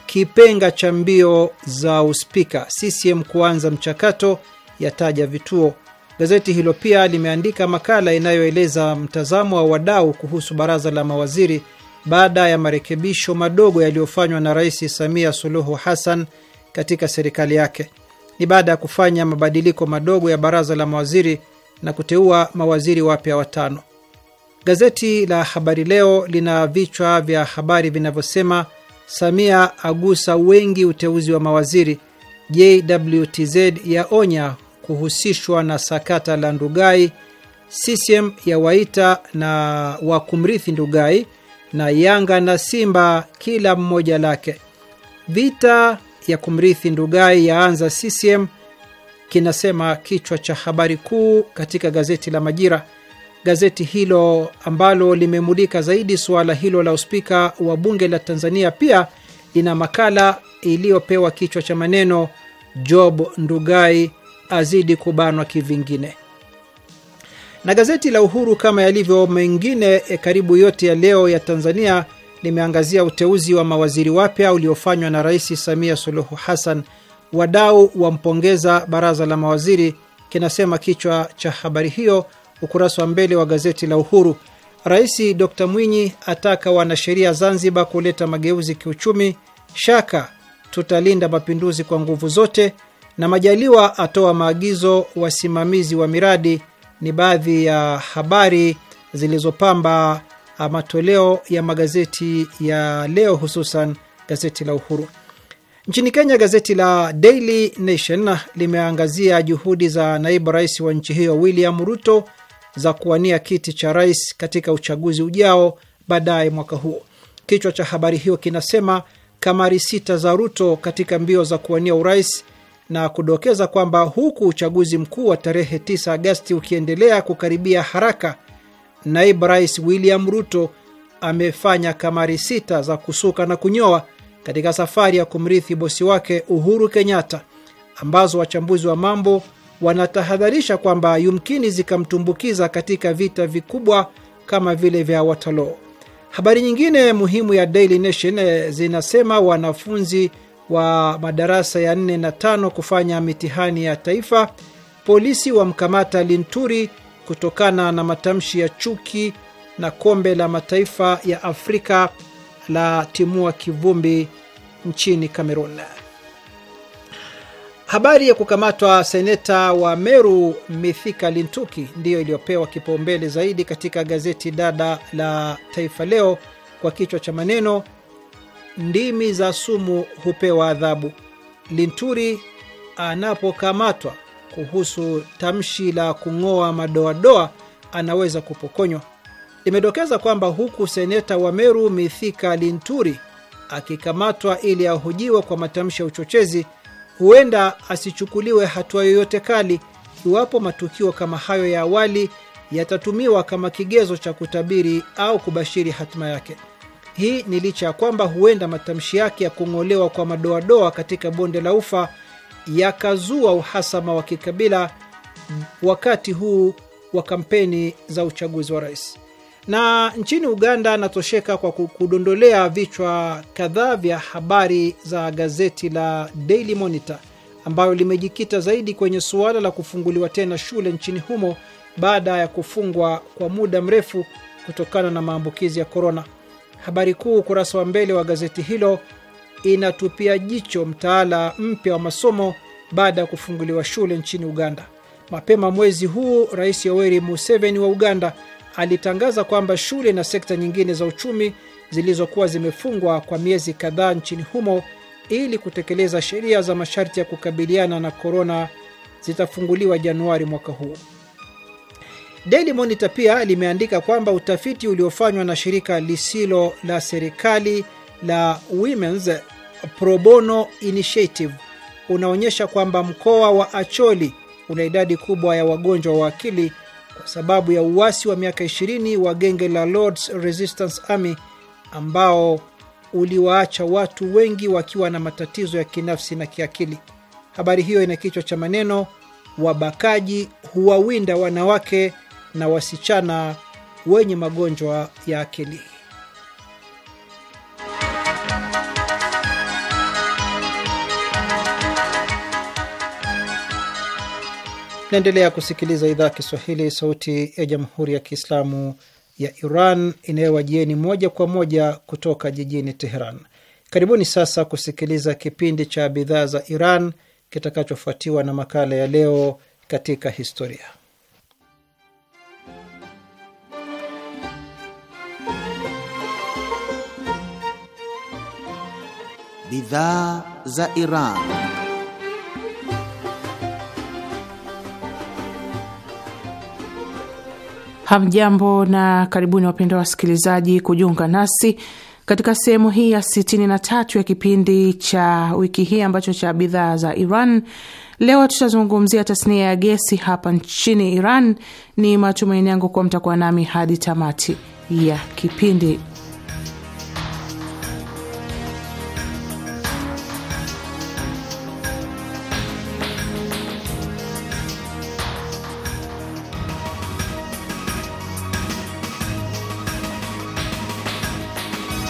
kipenga cha mbio za uspika, CCM kuanza mchakato, yataja vituo. Gazeti hilo pia limeandika makala inayoeleza mtazamo wa wadau kuhusu baraza la mawaziri baada ya marekebisho madogo yaliyofanywa na Rais Samia Suluhu Hassan katika serikali yake. Ni baada ya kufanya mabadiliko madogo ya baraza la mawaziri na kuteua mawaziri wapya watano. Gazeti la Habari Leo lina vichwa vya habari vinavyosema: Samia agusa wengi uteuzi wa mawaziri, JWTZ yaonya kuhusishwa na sakata la Ndugai, CCM yawaita na wakumrithi Ndugai, na Yanga na Simba kila mmoja lake. Vita ya kumrithi Ndugai yaanza CCM, kinasema kichwa cha habari kuu katika gazeti la Majira. Gazeti hilo ambalo limemulika zaidi suala hilo la uspika wa bunge la Tanzania pia lina makala iliyopewa kichwa cha maneno Job Ndugai azidi kubanwa kivingine. Na gazeti la Uhuru kama yalivyo mengine e, karibu yote ya leo ya Tanzania limeangazia uteuzi wa mawaziri wapya uliofanywa na Rais Samia Suluhu Hassan. Wadau wampongeza baraza la mawaziri, kinasema kichwa cha habari hiyo, ukurasa wa mbele wa gazeti la Uhuru. Rais Dkt Mwinyi ataka wanasheria Zanzibar kuleta mageuzi kiuchumi. Shaka tutalinda mapinduzi kwa nguvu zote. Na Majaliwa atoa maagizo wasimamizi wa miradi ni baadhi ya habari zilizopamba ah, matoleo ya magazeti ya leo, hususan gazeti la Uhuru. Nchini Kenya, gazeti la Daily Nation ah, limeangazia juhudi za naibu rais wa nchi hiyo William Ruto za kuwania kiti cha rais katika uchaguzi ujao baadaye mwaka huo. Kichwa cha habari hiyo kinasema kamari sita za Ruto katika mbio za kuwania urais na kudokeza kwamba huku uchaguzi mkuu wa tarehe 9 Agasti ukiendelea kukaribia haraka, naibu rais William Ruto amefanya kamari sita za kusuka na kunyoa katika safari ya kumrithi bosi wake Uhuru Kenyatta, ambazo wachambuzi wa mambo wanatahadharisha kwamba yumkini zikamtumbukiza katika vita vikubwa kama vile vya Waterloo. Habari nyingine muhimu ya Daily Nation eh, zinasema wanafunzi wa madarasa ya nne na tano kufanya mitihani ya taifa, polisi wamkamata Linturi kutokana na matamshi ya chuki, na kombe la mataifa ya Afrika la timua kivumbi nchini Kamerun. Habari ya kukamatwa seneta wa Meru Mithika Lintuki ndiyo iliyopewa kipaumbele zaidi katika gazeti dada la Taifa Leo kwa kichwa cha maneno ndimi za sumu hupewa adhabu. Linturi anapokamatwa kuhusu tamshi la kung'oa madoadoa anaweza kupokonywa. Limedokeza kwamba huku seneta wa Meru Mithika Linturi akikamatwa ili ahojiwe kwa matamshi ya uchochezi, huenda asichukuliwe hatua yoyote kali iwapo matukio kama hayo ya awali yatatumiwa kama kigezo cha kutabiri au kubashiri hatima yake. Hii ni licha ya kwamba huenda matamshi yake ya kung'olewa kwa madoadoa katika bonde la Ufa yakazua uhasama wa kikabila wakati huu wa kampeni za uchaguzi wa rais. Na nchini Uganda, natosheka kwa kudondolea vichwa kadhaa vya habari za gazeti la Daily Monitor ambayo limejikita zaidi kwenye suala la kufunguliwa tena shule nchini humo baada ya kufungwa kwa muda mrefu kutokana na maambukizi ya korona habari kuu ukurasa wa mbele wa gazeti hilo inatupia jicho mtaala mpya wa masomo baada ya kufunguliwa shule nchini Uganda. Mapema mwezi huu, Rais Yoweri Museveni wa Uganda alitangaza kwamba shule na sekta nyingine za uchumi zilizokuwa zimefungwa kwa miezi kadhaa nchini humo ili kutekeleza sheria za masharti ya kukabiliana na korona zitafunguliwa Januari mwaka huu. Daily Monitor pia limeandika kwamba utafiti uliofanywa na shirika lisilo la serikali la Women's Pro Bono Initiative unaonyesha kwamba mkoa wa Acholi una idadi kubwa ya wagonjwa wa akili kwa sababu ya uasi wa miaka 20 wa genge la Lords Resistance Army ambao uliwaacha watu wengi wakiwa na matatizo ya kinafsi na kiakili. Habari hiyo ina kichwa cha maneno wabakaji huwawinda wanawake na wasichana wenye magonjwa ya akili. Naendelea kusikiliza idhaa Kiswahili, sauti ya jamhuri ya kiislamu ya Iran inayowajieni moja kwa moja kutoka jijini Teheran. Karibuni sasa kusikiliza kipindi cha bidhaa za Iran kitakachofuatiwa na makala ya leo katika historia. bidhaa za Iran. Hamjambo na karibuni wapendwa wasikilizaji kujiunga nasi katika sehemu hii ya 63 ya kipindi cha wiki hii ambacho cha bidhaa za Iran. Leo tutazungumzia tasnia ya gesi hapa nchini Iran. Ni matumaini yangu kuwa mtakuwa nami hadi tamati ya kipindi.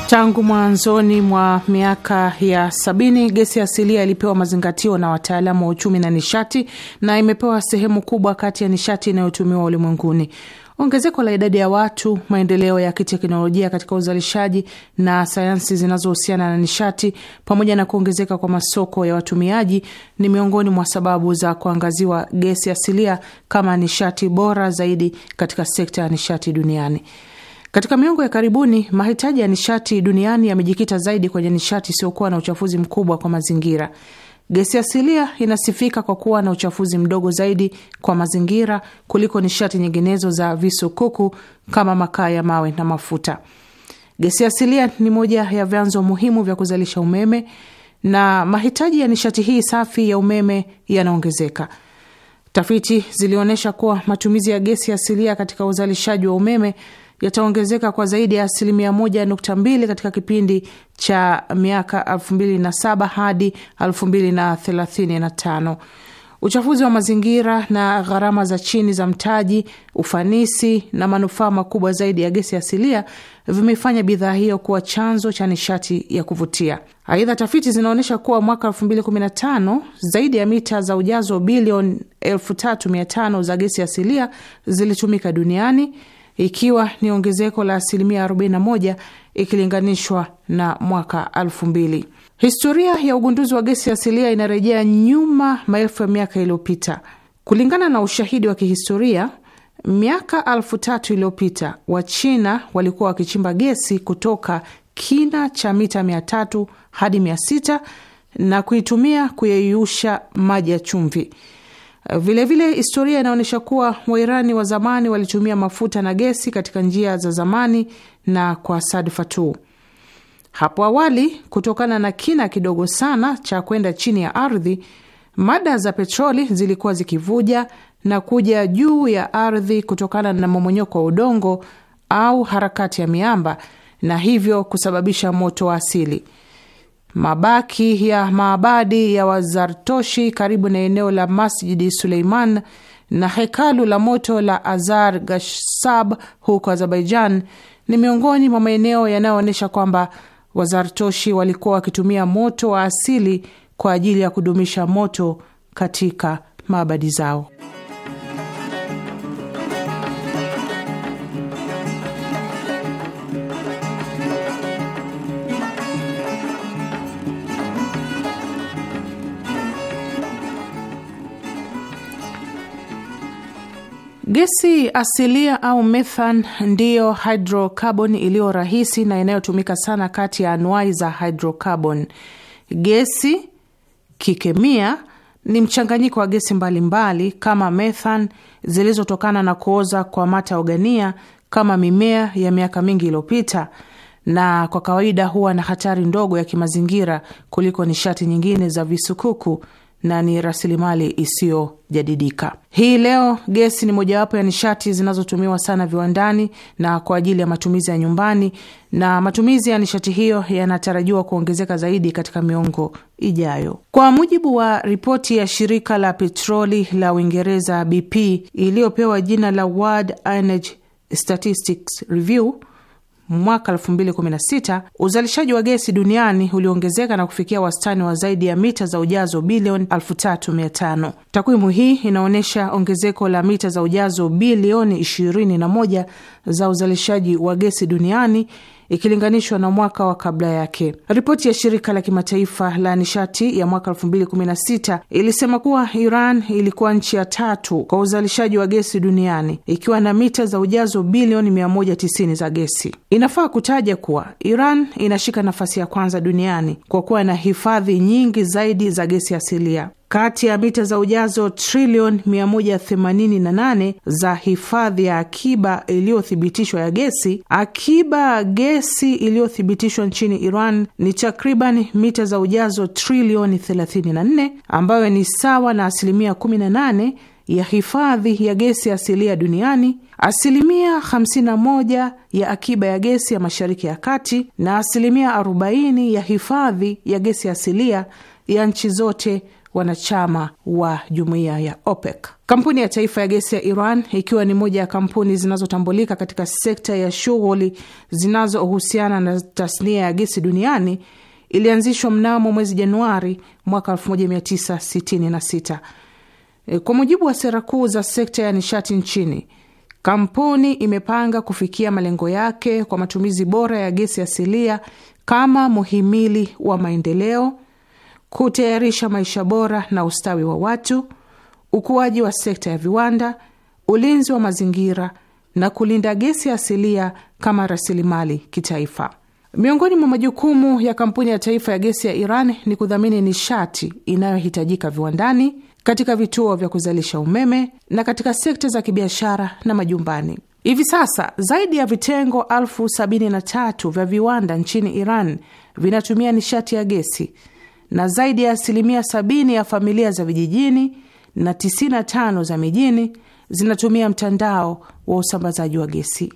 Tangu mwanzoni mwa miaka ya sabini gesi asilia ilipewa mazingatio na wataalamu wa uchumi na nishati na imepewa sehemu kubwa kati ya nishati inayotumiwa ulimwenguni. Ongezeko la idadi ya watu, maendeleo ya kiteknolojia katika uzalishaji na sayansi zinazohusiana na nishati, pamoja na kuongezeka kwa masoko ya watumiaji ni miongoni mwa sababu za kuangaziwa gesi asilia kama nishati bora zaidi katika sekta ya nishati duniani. Katika miongo ya karibuni mahitaji ya nishati duniani yamejikita zaidi kwenye nishati isiyokuwa na uchafuzi mkubwa kwa mazingira. Gesi asilia inasifika kwa kuwa na uchafuzi mdogo zaidi kwa mazingira kuliko nishati nyinginezo za visukuku kama makaa ya mawe na mafuta. Gesi asilia ni moja ya vyanzo muhimu vya kuzalisha umeme na mahitaji ya nishati hii safi ya umeme yanaongezeka. Tafiti zilionyesha kuwa matumizi ya gesi asilia katika uzalishaji wa umeme yataongezeka kwa zaidi ya asilimia 1.2 katika kipindi cha miaka saba hadi tano. Uchafuzi wa mazingira na gharama za chini za mtaji, ufanisi na manufaa makubwa zaidi ya gesi asilia vimefanya bidhaa hiyo kuwa chanzo cha nishati ya kuvutia. Aidha, tafiti zinaonyesha kuwa mwaka 2015 zaidi ya mita za ujazo bilioni 3500 za gesi asilia zilitumika duniani ikiwa ni ongezeko la asilimia 41 ikilinganishwa na mwaka 2000. Historia ya ugunduzi wa gesi asilia inarejea nyuma maelfu ya miaka iliyopita. Kulingana na ushahidi wa kihistoria, miaka alfu tatu iliyopita Wachina walikuwa wakichimba gesi kutoka kina cha mita 300 hadi 600 na kuitumia kuyeyusha maji ya chumvi. Vilevile vile historia inaonyesha kuwa Wairani wa zamani walitumia mafuta na gesi katika njia za zamani na kwa sadfa tu. Hapo awali, kutokana na kina kidogo sana cha kwenda chini ya ardhi, mada za petroli zilikuwa zikivuja na kuja juu ya ardhi kutokana na momonyoko wa udongo au harakati ya miamba, na hivyo kusababisha moto wa asili. Mabaki ya maabadi ya Wazartoshi karibu na eneo la Masjidi Suleiman na hekalu la moto la Azar Gashsab huko Azerbaijan ni miongoni mwa maeneo yanayoonyesha kwamba Wazartoshi walikuwa wakitumia moto wa asili kwa ajili ya kudumisha moto katika maabadi zao. Gesi asilia au methan ndiyo hydrocarbon iliyo rahisi na inayotumika sana kati ya anuai za hydrocarbon. Gesi kikemia ni mchanganyiko wa gesi mbalimbali mbali, kama methan zilizotokana na kuoza kwa mata ogania kama mimea ya miaka mingi iliyopita, na kwa kawaida huwa na hatari ndogo ya kimazingira kuliko nishati nyingine za visukuku na ni rasilimali isiyojadidika. Hii leo gesi ni mojawapo ya nishati zinazotumiwa sana viwandani na kwa ajili ya matumizi ya nyumbani, na matumizi ya nishati hiyo yanatarajiwa kuongezeka zaidi katika miongo ijayo. Kwa mujibu wa ripoti ya shirika la petroli la Uingereza BP iliyopewa jina la World Energy Statistics Review mwaka 2016 uzalishaji wa gesi duniani uliongezeka na kufikia wastani wa zaidi ya mita za ujazo bilioni 3500. Takwimu hii inaonyesha ongezeko la mita za ujazo bilioni 21 za uzalishaji wa gesi duniani ikilinganishwa na mwaka wa kabla yake. Ripoti ya shirika la kimataifa la nishati ya mwaka 2016 ilisema kuwa Iran ilikuwa nchi ya tatu kwa uzalishaji wa gesi duniani ikiwa na mita za ujazo bilioni 190 za gesi. Inafaa kutaja kuwa Iran inashika nafasi ya kwanza duniani kwa kuwa na hifadhi nyingi zaidi za gesi asilia kati ya mita za ujazo trilioni 188 za hifadhi ya akiba iliyothibitishwa ya gesi, akiba gesi iliyothibitishwa nchini Iran ni takriban mita za ujazo trilioni 34 ambayo ni sawa na asilimia 18 ya hifadhi ya gesi asilia duniani, asilimia 51 ya akiba ya gesi ya Mashariki ya Kati na asilimia 40 ya hifadhi ya gesi asilia ya nchi zote wanachama wa jumuiya ya OPEC. Kampuni ya taifa ya gesi ya Iran, ikiwa ni moja ya kampuni zinazotambulika katika sekta ya shughuli zinazohusiana na tasnia ya gesi duniani, ilianzishwa mnamo mwezi Januari mwaka 1966 e, kwa mujibu wa sera kuu za sekta ya nishati nchini. Kampuni imepanga kufikia malengo yake kwa matumizi bora ya gesi asilia kama muhimili wa maendeleo kutayarisha maisha bora na ustawi wa watu, ukuaji wa sekta ya viwanda, ulinzi wa mazingira na kulinda gesi asilia kama rasilimali kitaifa. Miongoni mwa majukumu ya kampuni ya taifa ya gesi ya Iran ni kudhamini nishati inayohitajika viwandani, katika vituo vya kuzalisha umeme na katika sekta za kibiashara na majumbani. Hivi sasa zaidi ya vitengo elfu sabini na tatu vya viwanda nchini Iran vinatumia nishati ya gesi na zaidi ya asilimia sabini ya familia za vijijini na 95 za mijini zinatumia mtandao wa usambazaji wa gesi.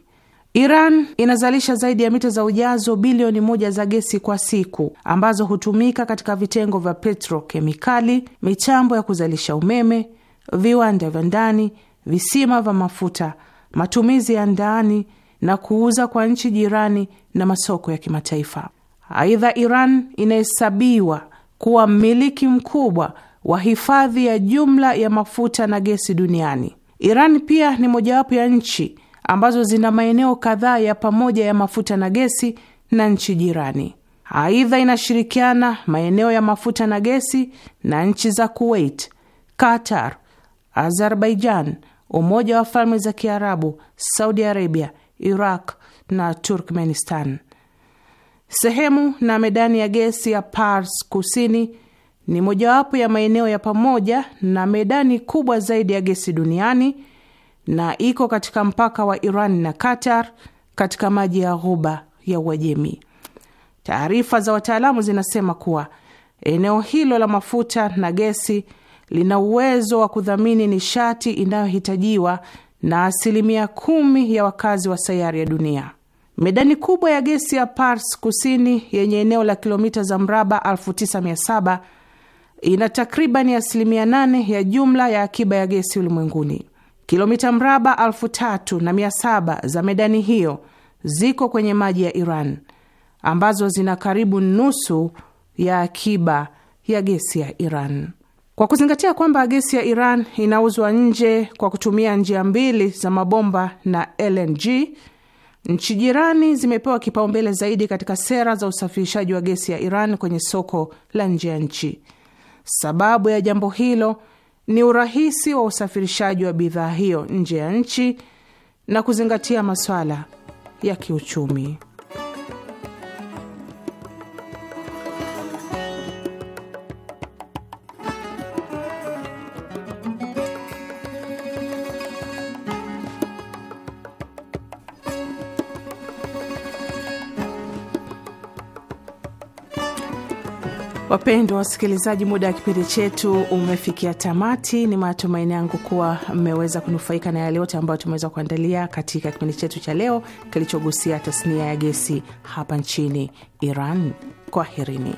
Iran inazalisha zaidi ya mita za ujazo bilioni moja za gesi kwa siku ambazo hutumika katika vitengo vya petrokemikali, mitambo ya kuzalisha umeme, viwanda vya ndani, visima vya mafuta, matumizi ya ndani na kuuza kwa nchi jirani na masoko ya kimataifa. Aidha, Iran inahesabiwa kuwa mmiliki mkubwa wa hifadhi ya jumla ya mafuta na gesi duniani. Iran pia ni mojawapo ya nchi ambazo zina maeneo kadhaa ya pamoja ya mafuta na gesi na nchi jirani. Aidha, inashirikiana maeneo ya mafuta na gesi na nchi za Kuwait, Qatar, Azerbaijan, Umoja wa Falme za Kiarabu, Saudi Arabia, Iraq na Turkmenistan. Sehemu na medani ya gesi ya Pars Kusini ni mojawapo ya maeneo ya pamoja na medani kubwa zaidi ya gesi duniani na iko katika mpaka wa Iran na Qatar katika maji ya Ghuba ya Uajemi. Taarifa za wataalamu zinasema kuwa eneo hilo la mafuta na gesi lina uwezo wa kudhamini nishati inayohitajiwa na asilimia kumi ya wakazi wa sayari ya dunia. Medani kubwa ya gesi ya Pars Kusini yenye eneo la kilomita za mraba 9700 ina takribani asilimia 8 ya jumla ya akiba ya gesi ulimwenguni. Kilomita mraba 3700 za medani hiyo ziko kwenye maji ya Iran ambazo zina karibu nusu ya akiba ya gesi ya Iran. Kwa kuzingatia kwamba gesi ya Iran inauzwa nje kwa kutumia njia mbili za mabomba na LNG Nchi jirani zimepewa kipaumbele zaidi katika sera za usafirishaji wa gesi ya Iran kwenye soko la nje ya nchi. Sababu ya jambo hilo ni urahisi wa usafirishaji wa bidhaa hiyo nje ya nchi na kuzingatia masuala ya kiuchumi. Wapendwa wasikilizaji, muda wa kipindi chetu umefikia tamati. Ni matumaini yangu kuwa mmeweza kunufaika na yale yote ambayo tumeweza kuandalia katika kipindi chetu cha leo kilichogusia tasnia ya gesi hapa nchini Iran. Kwaherini.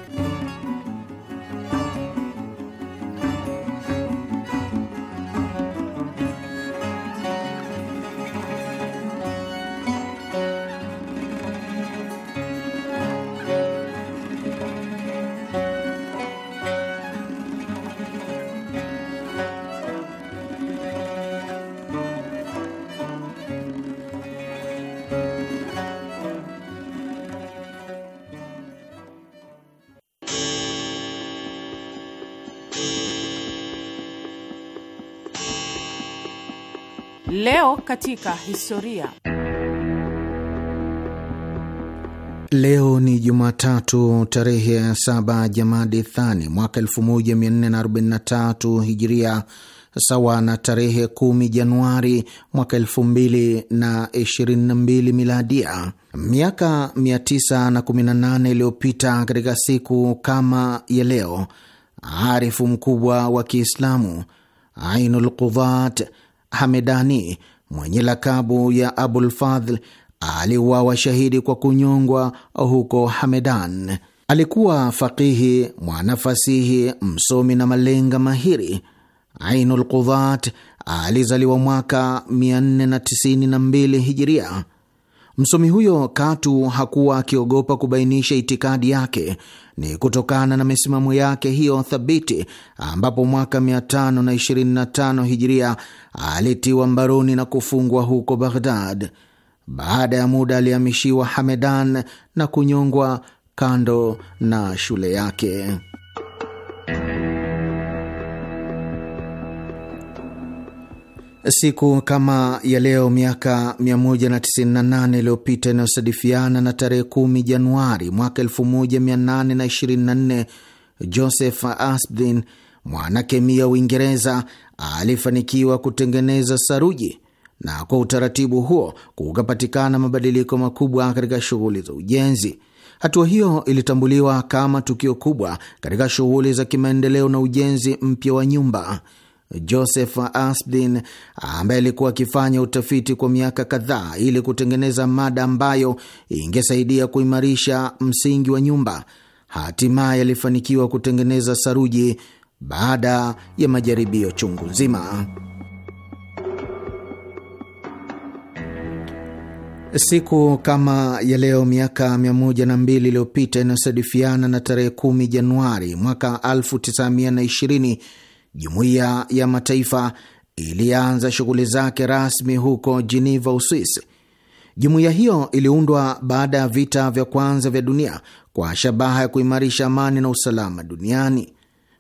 Leo katika historia. Leo ni Jumatatu tarehe ya saba Jamadi Thani mwaka 1443 Hijiria, sawa na tarehe 10 Januari mwaka 2022 Miladia. Miaka 918 iliyopita katika siku kama ya leo, arifu mkubwa wa Kiislamu Ainul Qudhat Hamedani mwenye lakabu ya Abulfadhl aliuawa shahidi kwa kunyongwa huko Hamedan. Alikuwa faqihi, mwanafasihi, msomi na malenga mahiri. Ainul Qudhat alizaliwa mwaka 492 hijiria Msomi huyo katu hakuwa akiogopa kubainisha itikadi yake. Ni kutokana na misimamo yake hiyo thabiti, ambapo mwaka 525 hijiria alitiwa mbaroni na kufungwa huko Baghdad. Baada ya muda alihamishiwa Hamedan na kunyongwa kando na shule yake. Siku kama ya leo miaka 198 iliyopita inayosadifiana na tarehe 10 Januari mwaka 1824, Joseph Aspdin, mwanakemia Uingereza, alifanikiwa kutengeneza saruji na kwa utaratibu huo kukapatikana mabadiliko makubwa katika shughuli za ujenzi. Hatua hiyo ilitambuliwa kama tukio kubwa katika shughuli za kimaendeleo na ujenzi mpya wa nyumba. Joseph Aspdin ambaye alikuwa akifanya utafiti kwa miaka kadhaa ili kutengeneza mada ambayo ingesaidia kuimarisha msingi wa nyumba, hatimaye alifanikiwa kutengeneza saruji baada ya majaribio chungu nzima. Siku kama ya leo miaka 102 iliyopita inasadifiana na tarehe 10 Januari mwaka 1920 Jumuiya ya Mataifa ilianza shughuli zake rasmi huko jeneva Uswisi. Jumuiya hiyo iliundwa baada ya vita vya kwanza vya dunia kwa shabaha ya kuimarisha amani na usalama duniani.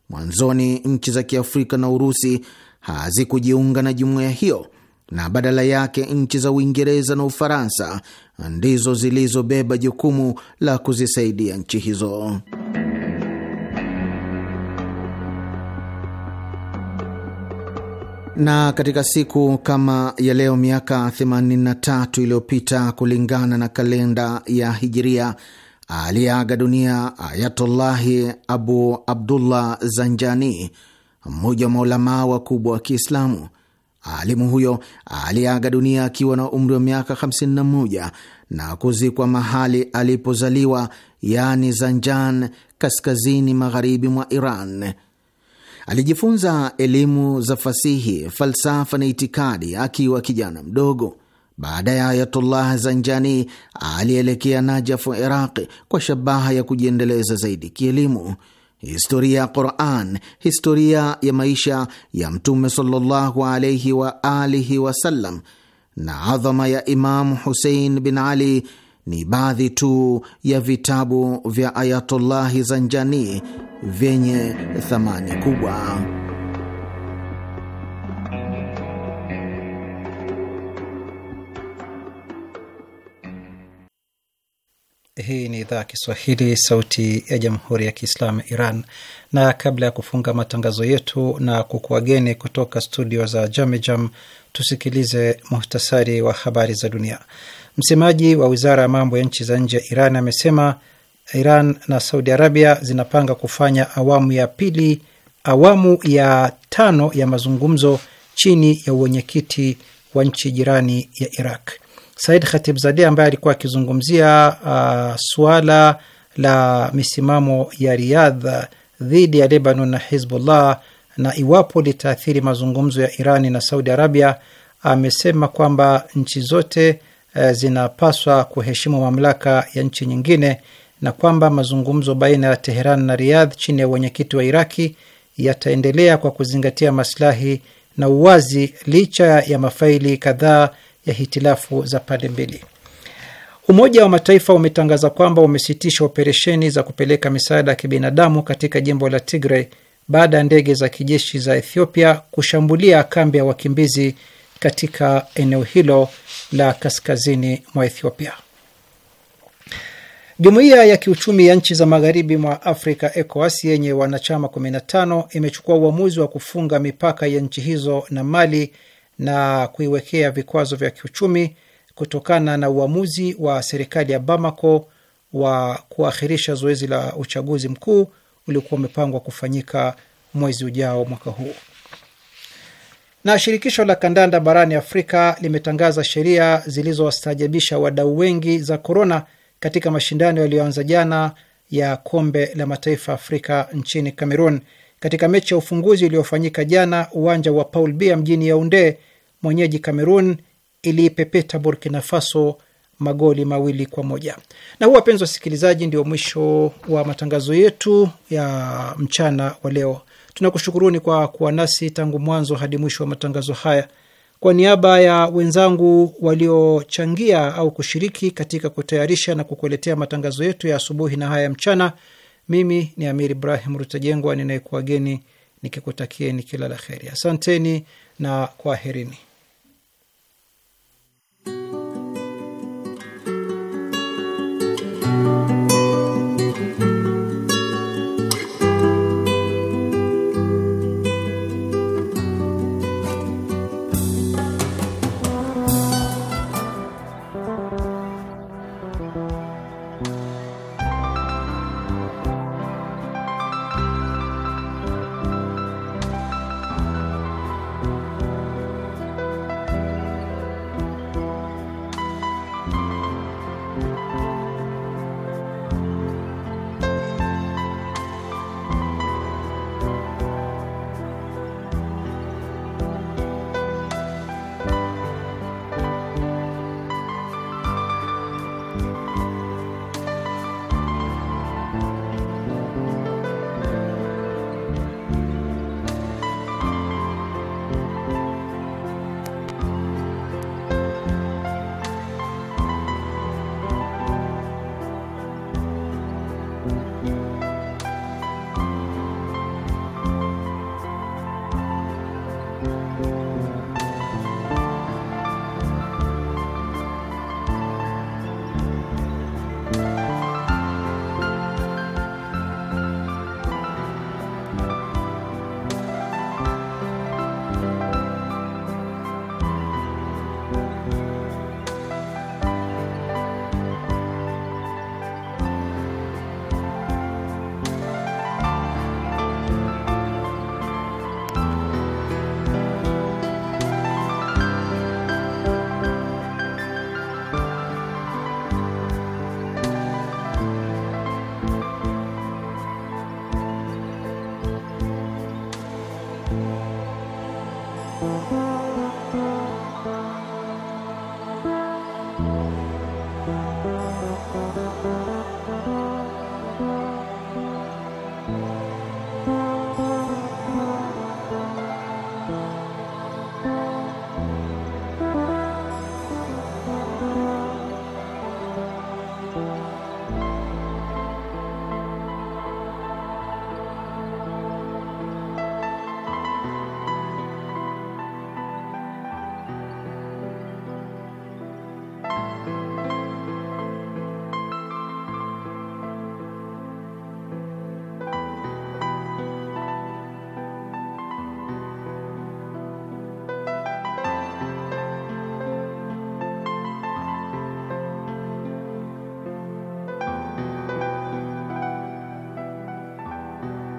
Mwanzoni nchi za Kiafrika na Urusi hazikujiunga na jumuiya hiyo, na badala yake nchi za Uingereza na Ufaransa ndizo zilizobeba jukumu la kuzisaidia nchi hizo. Na katika siku kama ya leo miaka 83 iliyopita kulingana na kalenda ya Hijiria, aliyeaga dunia Ayatullahi Abu Abdullah Zanjani, mmoja wa maulamaa wakubwa wa Kiislamu. Alimu huyo aliaga dunia akiwa na umri wa miaka 51 na kuzikwa mahali alipozaliwa, yaani Zanjan, kaskazini magharibi mwa Iran. Alijifunza elimu za fasihi, falsafa na itikadi akiwa kijana mdogo. Baada ya Ayatullah Zanjani alielekea Najafu, Iraq, kwa shabaha ya kujiendeleza zaidi kielimu. Historia ya Quran, historia ya maisha ya Mtume sallallahu alaihi wa alihi wasallam na adhama ya Imamu Husein bin Ali ni baadhi tu ya vitabu vya Ayatullahi Zanjani vyenye thamani kubwa. Hii ni idhaa ya Kiswahili, sauti ya jamhuri ya kiislamu ya Iran. Na kabla ya kufunga matangazo yetu na kukuageni kutoka studio za Jamejam, tusikilize muhtasari wa habari za dunia. Msemaji wa wizara ya mambo ya nchi za nje ya Iran amesema Iran na Saudi Arabia zinapanga kufanya awamu ya pili, awamu ya tano ya mazungumzo chini ya uwenyekiti wa nchi jirani ya Iraq. Said Khatibzadeh ambaye alikuwa akizungumzia uh, suala la misimamo ya Riyadh dhidi ya Lebanon na Hizbullah na iwapo litaathiri mazungumzo ya Irani na Saudi Arabia, amesema kwamba nchi zote e, zinapaswa kuheshimu mamlaka ya nchi nyingine na kwamba mazungumzo baina ya Teheran na Riyadh chini ya wenyekiti wa Iraki yataendelea kwa kuzingatia maslahi na uwazi licha ya mafaili kadhaa ya hitilafu za pande mbili. Umoja wa Mataifa umetangaza kwamba umesitisha operesheni za kupeleka misaada ya kibinadamu katika jimbo la Tigray baada ya ndege za kijeshi za Ethiopia kushambulia kambi ya wakimbizi katika eneo hilo la kaskazini mwa Ethiopia. Jumuiya ya kiuchumi ya nchi za magharibi mwa Afrika, ECOWAS, yenye wanachama 15 imechukua uamuzi wa kufunga mipaka ya nchi hizo na Mali na kuiwekea vikwazo vya kiuchumi kutokana na uamuzi wa serikali ya Bamako wa kuahirisha zoezi la uchaguzi mkuu uliokuwa umepangwa kufanyika mwezi ujao mwaka huu. Na shirikisho la kandanda barani Afrika limetangaza sheria zilizowastaajabisha wadau wengi za korona katika mashindano yaliyoanza jana ya kombe la mataifa Afrika nchini Cameroon. Katika mechi ya ufunguzi iliyofanyika jana uwanja wa Paul bia mjini yaunde mwenyeji Cameroon iliipepeta Burkina Faso magoli mawili kwa moja. Na huu, wapenzi wasikilizaji, ndio mwisho wa matangazo yetu ya mchana wa leo. Tunakushukuruni kwa kuwa nasi tangu mwanzo hadi mwisho wa matangazo haya. Kwa niaba ya wenzangu waliochangia au kushiriki katika kutayarisha na kukuletea matangazo yetu ya asubuhi na haya mchana, mimi ni Amir Ibrahim Rutajengwa ninayekuwageni nikikutakieni kila la heri. Asanteni na kwaherini.